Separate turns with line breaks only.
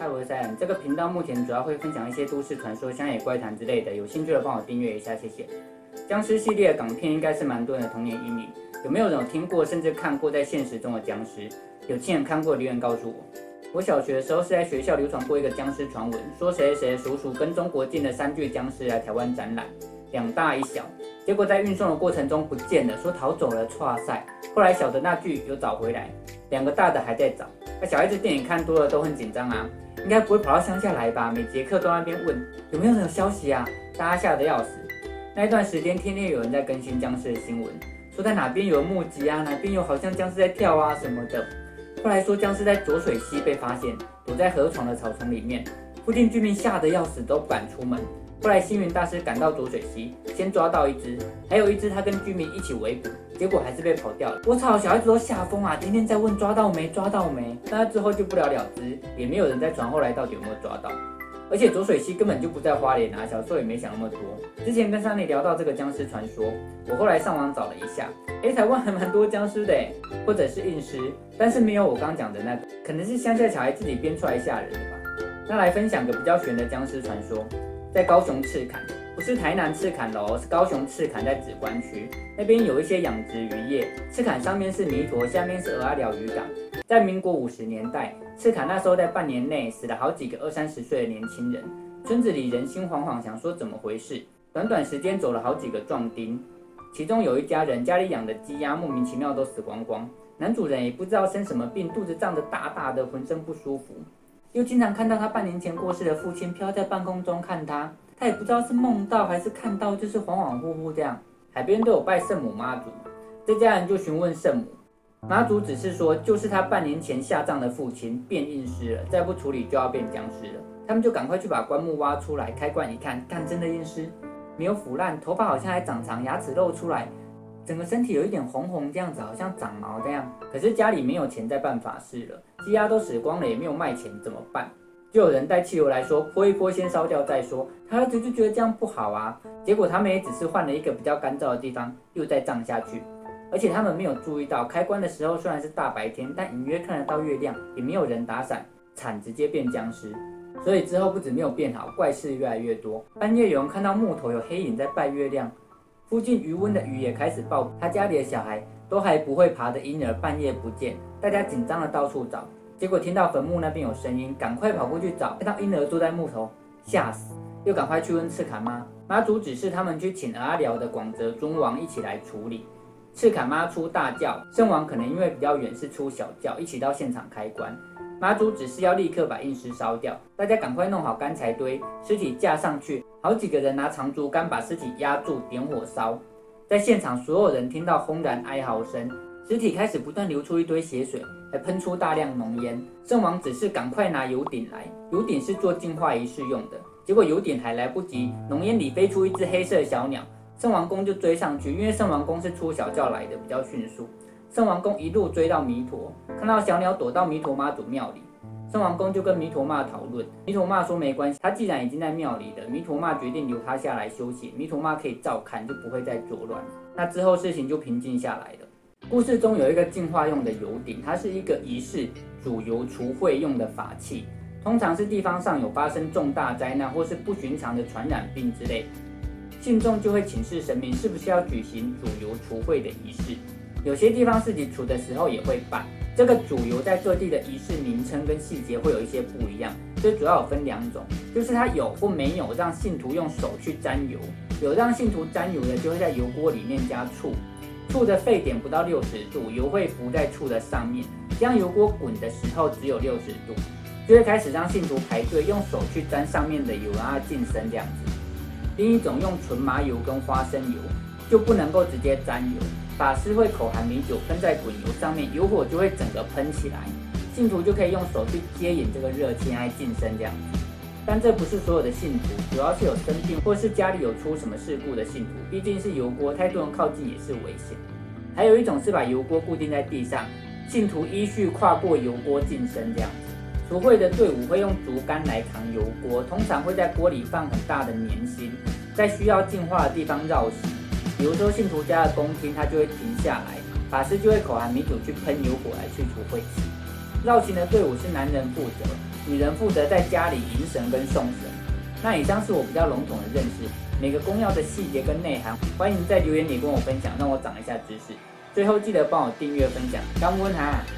嗨，我是賽恩，這個頻道目前主要會分享一些都市傳說、鄉野怪談之類的，有興趣的幫我訂閱一下，謝謝。殭屍系列的港片應該是蠻多人的童年陰影，有沒有人有聽過甚至看過在現實中的殭屍？有親眼看過留言告訴我，我小學的時候是在學校流傳過一個殭屍傳聞，說誰誰誰叔叔跟中國進了三具殭屍來台灣展覽，兩大一小，結果在運送的過程中不見了，說逃走了，哇塞！後來小的那具又找回來，兩個大的還在找。那、啊、小孩子電影看多了都很緊張啊，應該不會跑到鄉下來吧？每節課都那邊問有沒有什麼消息啊。大家嚇得要死。那一段時間天天有人在更新殭屍的新聞，說在哪邊有人目擊啊，哪邊有好像殭屍在跳啊什麼的。後來說殭屍在濁水溪被發現，躲在河床的草叢裡面，附近居民嚇得要死，都不敢出門。後來星雲大師趕到濁水溪，先抓到一隻，還有一隻他跟居民一起圍捕。結果還是被跑掉了，我操！小孩子都嚇瘋啊！天天在問抓到沒，抓到沒？那之後就不了了之，也沒有人在傳後來到底有沒有抓到。而且左水溪根本就不在花蓮啊，小時候也沒想那麼多。之前跟珊妮聊到這個僵屍傳說，我後來上網找了一下，誒，台灣還蠻多僵屍的誒，或者是運屍，但是沒有我剛講的那個，可能是鄉下小孩自己編出來嚇人的吧。那來分享個比較玄的僵屍傳說。在高雄赤崁，不是台南赤崁樓，是高雄赤崁在關。在梓官區那邊有一些養殖漁業。赤崁上面是彌陀，下面是蚵仔寮漁港。在民國五十年代，赤崁那時候在半年內死了好幾個二三十歲的年輕人，村子裡人心惶惶，想說怎麼回事。短短時間走了好幾個壯丁，其中有一家人家裡養的雞鴨莫名其妙都死光光，男主人也不知道生什麼病，肚子脹得大大的，渾身不舒服。又經常看到他半年前過世的父親飄在半空中看他，他也不知道是夢到還是看到，就是恍恍惚惚惚這樣。海邊都有拜聖母媽祖，這家人就詢問聖母。媽祖只是說就是他半年前下葬的父親變硬屍了，再不處理就要變殭屍了。他們就趕快去把棺木挖出來，開棺一看，看真的硬屍，沒有腐爛，頭髮好像還長長，牙齒露出來。整個身體有一點紅紅，這樣子好像長毛這樣，可是家裡沒有錢再辦法事了，雞鴨都死光了，也沒有賣錢，怎麼辦？就有人帶汽油來說潑一潑，先燒掉再說。他兒子就覺得這樣不好啊，結果他們也只是換了一個比較乾燥的地方，又再葬下去，而且他們沒有注意到開棺的時候雖然是大白天，但隱約看得到月亮，也沒有人打傘，慘直接變僵屍。所以之後不止沒有變好，怪事越來越多，半夜有人看到木頭有黑影在拜月亮。附近魚塭的魚也開始暴斃。他家裡的小孩，都還不會爬的嬰兒半夜不見，大家緊張的到處找，結果聽到墳墓那邊有聲音，趕快跑過去找，看到嬰兒坐在木頭，嚇死，又趕快去問赤崁媽，媽祖指示他們去請阿廖的廣澤尊王一起來處理。赤崁媽出大轎，聖王可能因為比較遠是出小轎，一起到現場開棺。媽祖只是要立刻把殭屍燒掉，大家趕快弄好乾柴堆，屍體架上去，好幾個人拿長竹竿把屍體壓住，點火燒。在現場，所有人聽到轟然哀嚎聲，屍體開始不斷流出一堆血水，還噴出大量濃煙。聖王只是趕快拿油鼎來，油鼎是做淨化儀式用的，結果油鼎還來不及，濃煙裡飛出一隻黑色小鳥，聖王公就追上去，因為聖王公是出小轎來的，比較迅速。聖王公一路追到彌陀，看到小鳥躲到彌陀媽祖廟裡，聖王公就跟彌陀媽討論。彌陀媽說沒關係，他既然已經在廟裡了，彌陀媽決定留他下來休息。彌陀媽可以照看，就不會再作亂。那之後事情就平靜下來了。故事中有一個淨化用的油鼎，它是一個儀式煮油除穢用的法器，通常是地方上有發生重大災難或是不尋常的傳染病之類，信眾就會請示神明是不是要舉行煮油除穢的儀式。有些地方自己煮的時候也會拌這個煮油，在各地的儀式名稱跟細節會有一些不一樣，這主要有分兩種，就是它有或沒有讓信徒用手去沾油。有讓信徒沾油的，就會在油鍋裡面加醋，醋的沸點不到六十度，油會浮在醋的上面，將油鍋滾的時候只有六十度，就會開始讓信徒排隊用手去沾上面的油，然後進升這樣子。另一種用純麻油跟花生油，就不能夠直接沾油，法師會口含米酒噴在滾油上面，油火就會整個噴起來，信徒就可以用手去接引這個熱氣來淨身這樣子。但這不是所有的信徒，主要是有生病或是家裡有出什麼事故的信徒，畢竟是油鍋，太多人靠近也是危險。還有一種是把油鍋固定在地上，信徒依序跨過油鍋淨身這樣子。出會的隊伍會用竹竿來扛油鍋，通常會在鍋裡放很大的粘性，在需要淨化的地方繞行。比如說信徒家的公廳，他就會停下來，法師就會口含米酒去噴油火，來去除晦氣。繞行的隊伍是男人負責，女人負責在家裡迎神跟送神。那以上是我比較籠統的認識，每個公廟的細節跟內涵，歡迎在留言裡跟我分享，讓我漲一下知識。最後記得幫我訂閱分享，甘溫哈